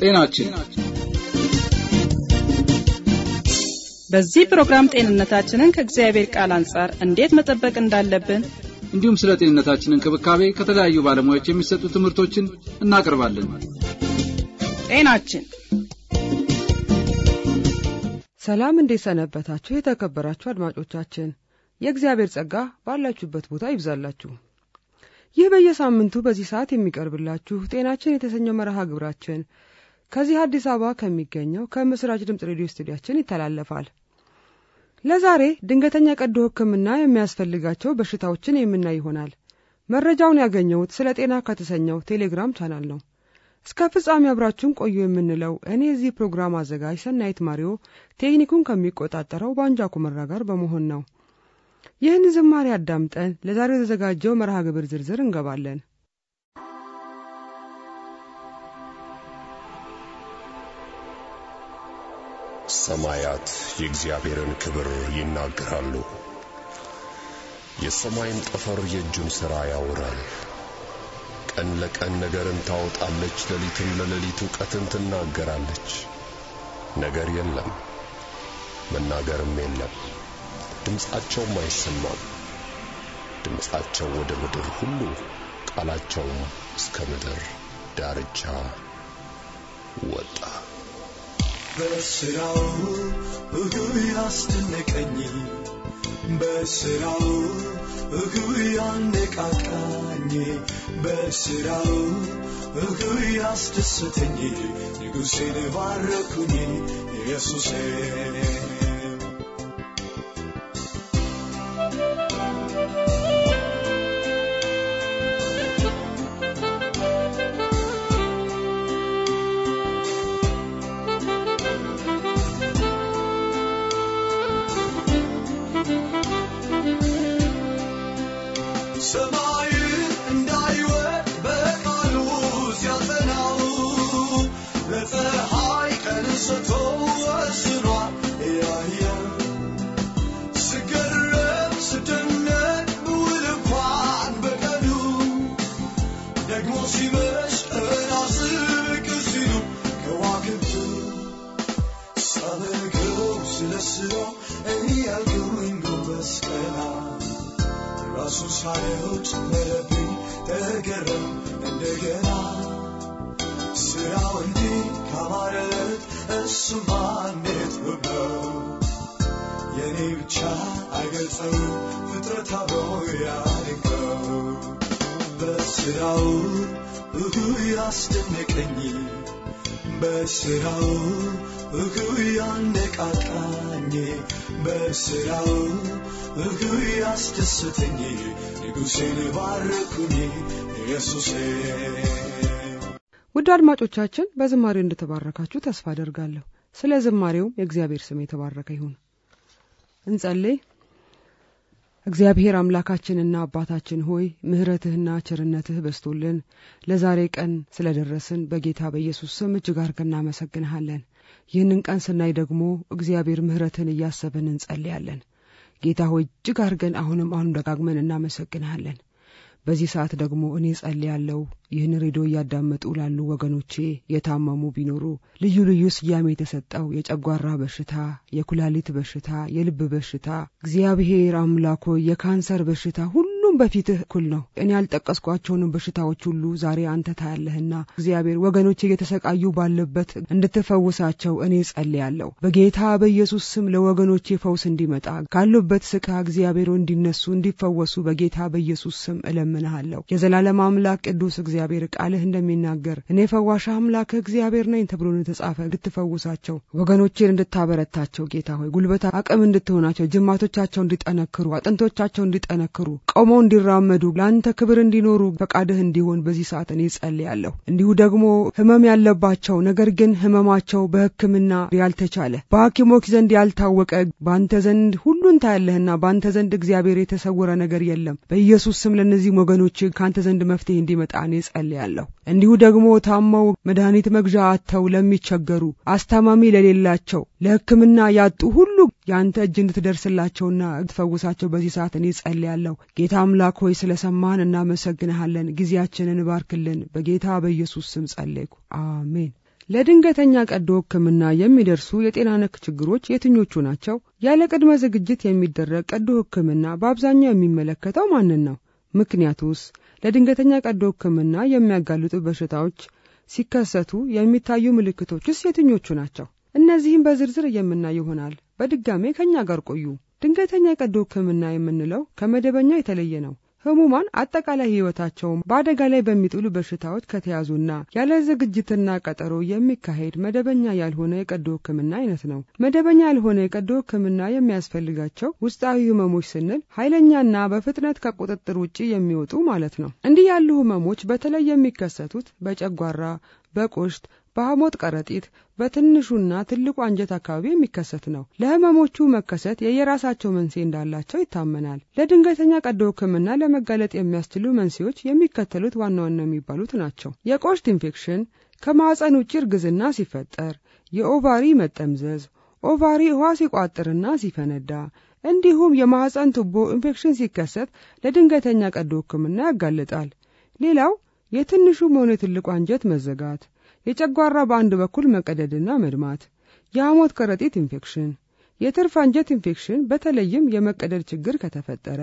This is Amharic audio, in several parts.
ጤናችን በዚህ ፕሮግራም ጤንነታችንን ከእግዚአብሔር ቃል አንጻር እንዴት መጠበቅ እንዳለብን እንዲሁም ስለ ጤንነታችን እንክብካቤ ከተለያዩ ባለሙያዎች የሚሰጡ ትምህርቶችን እናቀርባለን። ጤናችን ሰላም፣ እንዴት ሰነበታችሁ? የተከበራችሁ አድማጮቻችን የእግዚአብሔር ጸጋ ባላችሁበት ቦታ ይብዛላችሁ። ይህ በየሳምንቱ በዚህ ሰዓት የሚቀርብላችሁ ጤናችን የተሰኘው መርሃ ግብራችን ከዚህ አዲስ አበባ ከሚገኘው ከምስራች ድምፅ ሬዲዮ ስቱዲያችን ይተላለፋል። ለዛሬ ድንገተኛ ቀዶ ሕክምና የሚያስፈልጋቸው በሽታዎችን የምናይ ይሆናል። መረጃውን ያገኘሁት ስለ ጤና ከተሰኘው ቴሌግራም ቻናል ነው። እስከ ፍጻሜ አብራችሁን ቆዩ የምንለው እኔ የዚህ ፕሮግራም አዘጋጅ ሰናይት ማሪዮ፣ ቴክኒኩን ከሚቆጣጠረው ባንጃ ኩመራ ጋር በመሆን ነው። ይህን ዝማሬ አዳምጠን ለዛሬው የተዘጋጀው መርሃ ግብር ዝርዝር እንገባለን። ሰማያት የእግዚአብሔርን ክብር ይናገራሉ፣ የሰማይም ጠፈር የእጁን ሥራ ያወራል። ቀን ለቀን ነገርን ታወጣለች፣ ሌሊትም ለሌሊት እውቀትን ትናገራለች። ነገር የለም መናገርም የለም፣ ድምፃቸውም አይሰማም። ድምፃቸው ወደ ምድር ሁሉ ቃላቸውም እስከ ምድር ዳርቻ ወጣ። በስራው እሁ ያስደነቀኝ በስራው እሁ ያነቃቃኝ በስራው እሁ ያስደሰተኝ ንጉሴን ባረኩኝ ኢየሱሴ Rasul said, "Let it be." They get up and they get out. ማለት እሱ ማንዴት ብለው የኔ ብቻ አይገልጸው ፍጥረት አብሮ በስራው እሁ ያስደነቀኝ በስራው እሁ ያነቃቃኝ በስራው እሁ ያስደስተኝ ንጉሴን ባረኩኝ ኢየሱሴ ውድ አድማጮቻችን በዝማሬው እንደተባረካችሁ ተስፋ አደርጋለሁ። ስለ ዝማሬውም የእግዚአብሔር ስም የተባረከ ይሁን። እንጸልይ። እግዚአብሔር አምላካችንና አባታችን ሆይ ምህረትህና ቸርነትህ በስቶልን ለዛሬ ቀን ስለደረስን በጌታ በኢየሱስ ስም እጅግ አድርገን እናመሰግንሃለን። ይህንን ቀን ስናይ ደግሞ እግዚአብሔር ምህረትን እያሰብን እንጸልያለን። ጌታ ሆይ እጅግ አርገን አሁንም አሁንም ደጋግመን እናመሰግንሃለን። በዚህ ሰዓት ደግሞ እኔ ጸልያለሁ ይህን ሬዲዮ እያዳመጡ ላሉ ወገኖቼ የታመሙ ቢኖሩ ልዩ ልዩ ስያሜ የተሰጠው የጨጓራ በሽታ፣ የኩላሊት በሽታ፣ የልብ በሽታ እግዚአብሔር አምላኮ የካንሰር በሽታ ሁሉም በፊትህ እኩል ነው። እኔ ያልጠቀስኳቸውንም በሽታዎች ሁሉ ዛሬ አንተ ታያለህና እግዚአብሔር ወገኖች እየተሰቃዩ ባለበት እንድትፈውሳቸው እኔ ጸልያለሁ። በጌታ በኢየሱስ ስም ለወገኖቼ ፈውስ እንዲመጣ ካሉበት ስቃ እግዚአብሔር እንዲነሱ እንዲፈወሱ በጌታ በኢየሱስ ስም እለምንሃለሁ። የዘላለም አምላክ ቅዱስ እግዚአብሔር ቃልህ እንደሚናገር እኔ ፈዋሽ አምላክህ እግዚአብሔር ነኝ ተብሎ እንደተጻፈ እንድትፈውሳቸው ወገኖቼን እንድታበረታቸው ጌታ ሆይ ጉልበት አቅም እንድትሆናቸው ጅማቶቻቸው እንዲጠነክሩ አጥንቶቻቸው እንዲጠነክሩ ቆሞ ቆመው እንዲራመዱ ለአንተ ክብር እንዲኖሩ ፈቃድህ እንዲሆን በዚህ ሰዓት እኔ ጸልያለሁ። እንዲሁ ደግሞ ህመም ያለባቸው ነገር ግን ህመማቸው በህክምና ያልተቻለ በሐኪሞች ዘንድ ያልታወቀ በአንተ ዘንድ ሁሉን ታያለህና በአንተ ዘንድ እግዚአብሔር የተሰወረ ነገር የለም። በኢየሱስ ስም ለእነዚህ ወገኖች ከአንተ ዘንድ መፍትሄ እንዲመጣ እኔ ጸልያለሁ። እንዲሁ ደግሞ ታመው መድኃኒት መግዣ አጥተው ለሚቸገሩ አስታማሚ ለሌላቸው ለህክምና ያጡ ሁሉ የአንተ እጅ እንድትደርስላቸውና እንድትፈውሳቸው በዚህ ሰዓት እኔ ጸልያለሁ። ጌታ አምላክ ሆይ ስለ ሰማህን እናመሰግንሃለን። ጊዜያችንን ባርክልን። በጌታ በኢየሱስ ስም ጸለይኩ፣ አሜን። ለድንገተኛ ቀዶ ሕክምና የሚደርሱ የጤና ነክ ችግሮች የትኞቹ ናቸው? ያለ ቅድመ ዝግጅት የሚደረግ ቀዶ ሕክምና በአብዛኛው የሚመለከተው ማንን ነው? ምክንያቱስ? ለድንገተኛ ቀዶ ሕክምና የሚያጋልጡ በሽታዎች ሲከሰቱ የሚታዩ ምልክቶችስ የትኞቹ ናቸው? እነዚህም በዝርዝር የምናይ ይሆናል። በድጋሜ ከእኛ ጋር ቆዩ። ድንገተኛ የቀዶ ሕክምና የምንለው ከመደበኛው የተለየ ነው። ህሙማን አጠቃላይ ህይወታቸውን በአደጋ ላይ በሚጥሉ በሽታዎች ከተያዙና ያለ ዝግጅትና ቀጠሮ የሚካሄድ መደበኛ ያልሆነ የቀዶ ህክምና አይነት ነው። መደበኛ ያልሆነ የቀዶ ህክምና የሚያስፈልጋቸው ውስጣዊ ህመሞች ስንል ኃይለኛና በፍጥነት ከቁጥጥር ውጭ የሚወጡ ማለት ነው። እንዲህ ያሉ ህመሞች በተለይ የሚከሰቱት በጨጓራ፣ በቆሽት በሐሞት ከረጢት በትንሹና ትልቁ አንጀት አካባቢ የሚከሰት ነው። ለህመሞቹ መከሰት የየራሳቸው መንስኤ እንዳላቸው ይታመናል። ለድንገተኛ ቀዶ ሕክምና ለመጋለጥ የሚያስችሉ መንስኤዎች የሚከተሉት ዋና ዋና የሚባሉት ናቸው። የቆሽት ኢንፌክሽን፣ ከማዕፀን ውጭ እርግዝና ሲፈጠር፣ የኦቫሪ መጠምዘዝ፣ ኦቫሪ ውሃ ሲቋጥርና ሲፈነዳ እንዲሁም የማህፀን ቱቦ ኢንፌክሽን ሲከሰት ለድንገተኛ ቀዶ ሕክምና ያጋልጣል። ሌላው የትንሹም ሆነ የትልቁ አንጀት መዘጋት የጨጓራ በአንድ በኩል መቀደድና መድማት፣ የሐሞት ከረጢት ኢንፌክሽን፣ የትርፍ አንጀት ኢንፌክሽን በተለይም የመቀደድ ችግር ከተፈጠረ፣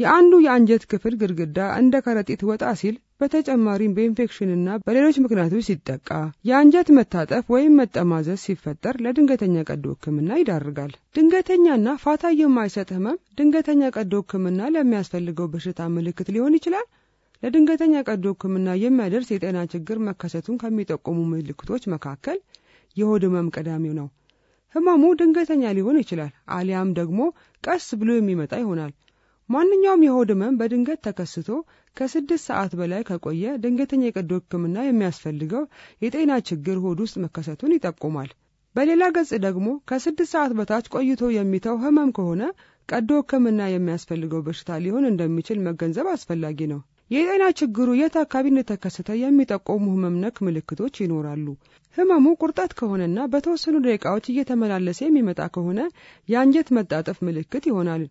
የአንዱ የአንጀት ክፍል ግድግዳ እንደ ከረጢት ወጣ ሲል በተጨማሪም በኢንፌክሽንና በሌሎች ምክንያቶች ሲጠቃ፣ የአንጀት መታጠፍ ወይም መጠማዘዝ ሲፈጠር ለድንገተኛ ቀዶ ሕክምና ይዳርጋል። ድንገተኛና ፋታ የማይሰጥ ህመም ድንገተኛ ቀዶ ሕክምና ለሚያስፈልገው በሽታ ምልክት ሊሆን ይችላል ለድንገተኛ ቀዶ ህክምና የሚያደርስ የጤና ችግር መከሰቱን ከሚጠቁሙ ምልክቶች መካከል የሆድ ህመም ቀዳሚው ነው። ህመሙ ድንገተኛ ሊሆን ይችላል፣ አሊያም ደግሞ ቀስ ብሎ የሚመጣ ይሆናል። ማንኛውም የሆድ ህመም በድንገት ተከስቶ ከስድስት ሰዓት በላይ ከቆየ ድንገተኛ የቀዶ ህክምና የሚያስፈልገው የጤና ችግር ሆድ ውስጥ መከሰቱን ይጠቁማል። በሌላ ገጽ ደግሞ ከስድስት ሰዓት በታች ቆይቶ የሚተው ህመም ከሆነ ቀዶ ህክምና የሚያስፈልገው በሽታ ሊሆን እንደሚችል መገንዘብ አስፈላጊ ነው። የጤና ችግሩ የት አካባቢ እንደተከሰተ የሚጠቆሙ ህመም ነክ ምልክቶች ይኖራሉ። ህመሙ ቁርጠት ከሆነና በተወሰኑ ደቂቃዎች እየተመላለሰ የሚመጣ ከሆነ የአንጀት መጣጠፍ ምልክት ይሆናል።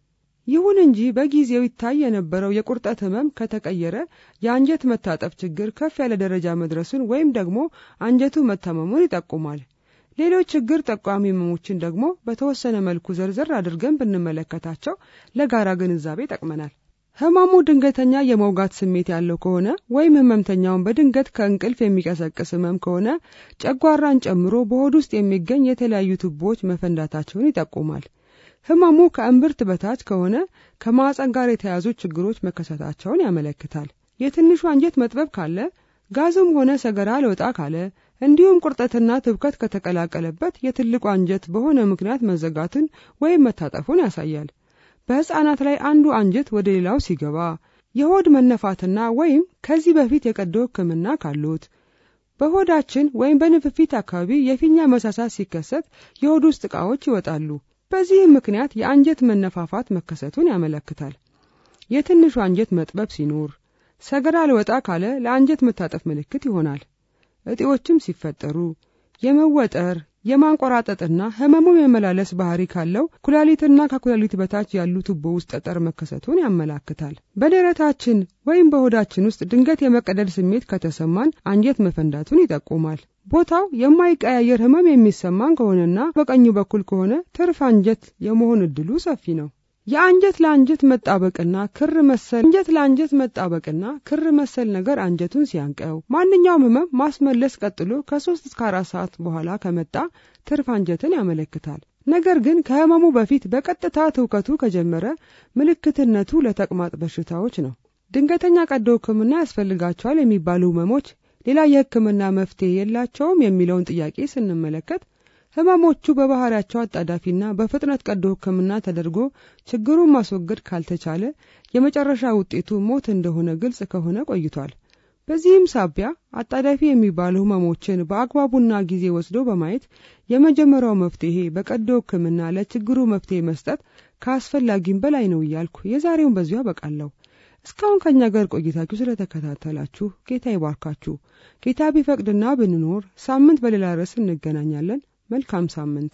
ይሁን እንጂ በጊዜው ይታይ የነበረው የቁርጠት ህመም ከተቀየረ የአንጀት መታጠፍ ችግር ከፍ ያለ ደረጃ መድረሱን ወይም ደግሞ አንጀቱ መታመሙን ይጠቁማል። ሌሎች ችግር ጠቋሚ ህመሞችን ደግሞ በተወሰነ መልኩ ዘርዘር አድርገን ብንመለከታቸው ለጋራ ግንዛቤ ይጠቅመናል። ህመሙ ድንገተኛ የመውጋት ስሜት ያለው ከሆነ ወይም ህመምተኛውን በድንገት ከእንቅልፍ የሚቀሰቅስ ህመም ከሆነ ጨጓራን ጨምሮ በሆድ ውስጥ የሚገኝ የተለያዩ ቱቦዎች መፈንዳታቸውን ይጠቁማል። ህመሙ ከእምብርት በታች ከሆነ ከማዕፀን ጋር የተያያዙ ችግሮች መከሰታቸውን ያመለክታል። የትንሹ አንጀት መጥበብ ካለ፣ ጋዝም ሆነ ሰገራ ለወጣ ካለ፣ እንዲሁም ቁርጠትና ትብከት ከተቀላቀለበት የትልቁ አንጀት በሆነ ምክንያት መዘጋቱን ወይም መታጠፉን ያሳያል። በሕፃናት ላይ አንዱ አንጀት ወደ ሌላው ሲገባ፣ የሆድ መነፋትና ወይም ከዚህ በፊት የቀዶ ሕክምና ካሉት፣ በሆዳችን ወይም በንፍፊት አካባቢ የፊኛ መሳሳት ሲከሰት የሆድ ውስጥ ዕቃዎች ይወጣሉ። በዚህም ምክንያት የአንጀት መነፋፋት መከሰቱን ያመለክታል። የትንሹ አንጀት መጥበብ ሲኖር፣ ሰገራ ልወጣ ካለ ለአንጀት መታጠፍ ምልክት ይሆናል። እጢዎችም ሲፈጠሩ፣ የመወጠር የማንቆራጠጥና ህመሙም የመላለስ ባህሪ ካለው ኩላሊትና ከኩላሊት በታች ያሉ ቱቦ ውስጥ ጠጠር መከሰቱን ያመላክታል። በደረታችን ወይም በሆዳችን ውስጥ ድንገት የመቀደድ ስሜት ከተሰማን አንጀት መፈንዳቱን ይጠቁማል። ቦታው የማይቀያየር ህመም የሚሰማን ከሆነና በቀኙ በኩል ከሆነ ትርፍ አንጀት የመሆን እድሉ ሰፊ ነው። የአንጀት ለአንጀት መጣበቅና ክር መሰል አንጀት ለአንጀት መጣበቅና ክር መሰል ነገር አንጀቱን ሲያንቀው ማንኛውም ህመም ማስመለስ ቀጥሎ ከሶስት እስከ አራት ሰዓት በኋላ ከመጣ ትርፍ አንጀትን ያመለክታል። ነገር ግን ከህመሙ በፊት በቀጥታ ትውከቱ ከጀመረ ምልክትነቱ ለተቅማጥ በሽታዎች ነው። ድንገተኛ ቀዶ ህክምና ያስፈልጋቸዋል የሚባሉ ህመሞች ሌላ የህክምና መፍትሄ የላቸውም የሚለውን ጥያቄ ስንመለከት ህመሞቹ በባህሪያቸው አጣዳፊና በፍጥነት ቀዶ ህክምና ተደርጎ ችግሩን ማስወገድ ካልተቻለ የመጨረሻ ውጤቱ ሞት እንደሆነ ግልጽ ከሆነ ቆይቷል። በዚህም ሳቢያ አጣዳፊ የሚባሉ ህመሞችን በአግባቡና ጊዜ ወስዶ በማየት የመጀመሪያው መፍትሄ በቀዶ ህክምና ለችግሩ መፍትሄ መስጠት ከአስፈላጊም በላይ ነው እያልኩ የዛሬውን በዚሁ አበቃለሁ። እስካሁን ከእኛ ጋር ቆይታችሁ ስለተከታተላችሁ ጌታ ይባርካችሁ። ጌታ ቢፈቅድና ብንኖር ሳምንት በሌላ ርዕስ እንገናኛለን። መልካም ሳምንት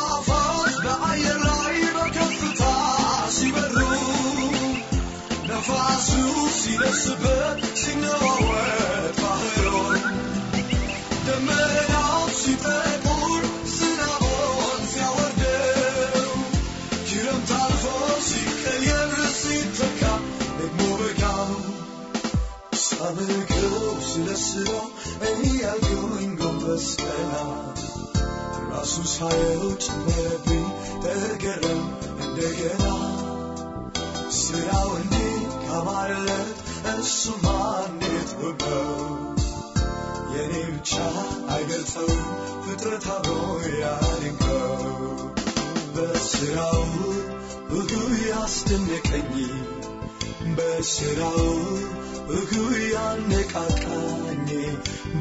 ነፋሱ ሲነፍስበት ሲነዋወጥ ባህሩን ደመናው ሲጠቁር ዝናቦን ሲያወርደው ክረምት አልፎ ሲቀየር ሲተካ ደግሞ በጋው ሳምገው ስለስበው እያየሁኝ ጎንበስ ቀና ራሱ ሳየው ጨመረብኝ ተገረም እንደገና ስራው እንዴት ከማለት እሱ ማኔት ነው የኔ ብቻ አይገልጸው ፍጥረት አብሮ ያድንቀው በስራው ብዙ ያስደነቀኝ በስራው እጉ ያነቃቃኝ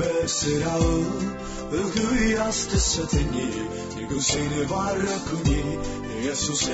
በስራው እጉ ያስደሰተኝ ንጉሴን ባረኩኝ ኢየሱሴ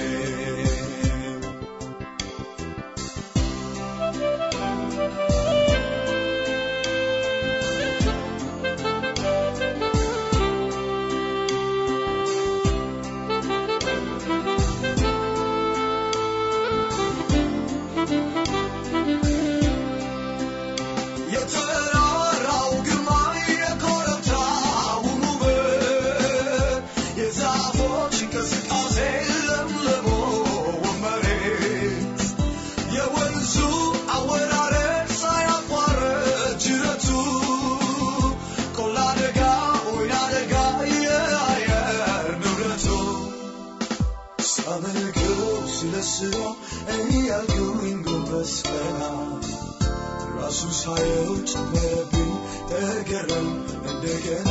ስለስራ እኔ ያልኩኝ ጎበዝ ፈና ራሱ ሳየው ጨመረብኝ ተገረም እንደገና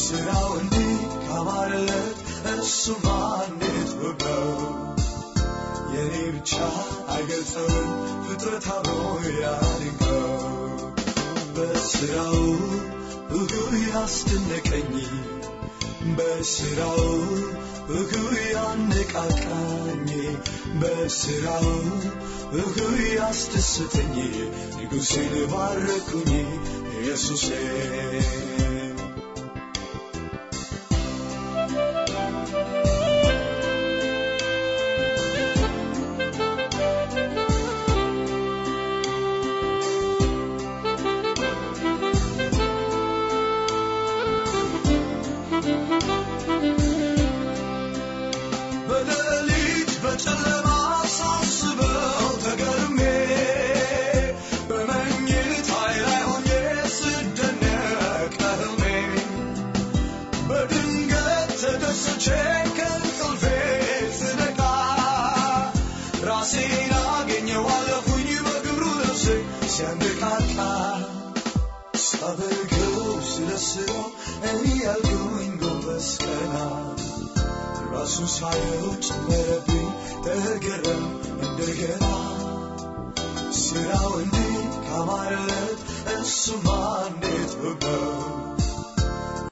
ስራው እንዲህ ካማረለት እሱማ እንዴት ወጋው የኔ ብቻ አይገልጸውም ፍጥረት አብሮ ያድንቀው በስራው ብዙ ያስደነቀኝ በስራው እግሩ ያነቃቃኝ በስራው እግሩ ያስደስተኝ ንጉሴን ባረኩኝ ኢየሱሴ አበገው ስለስራው እኔ ያልኩኝ ነው መስቀና ራሱን ሳየው ጨመረብኝ ተገረም እንደገና ስራው እንዴት ካማረለት እሱማ እንዴት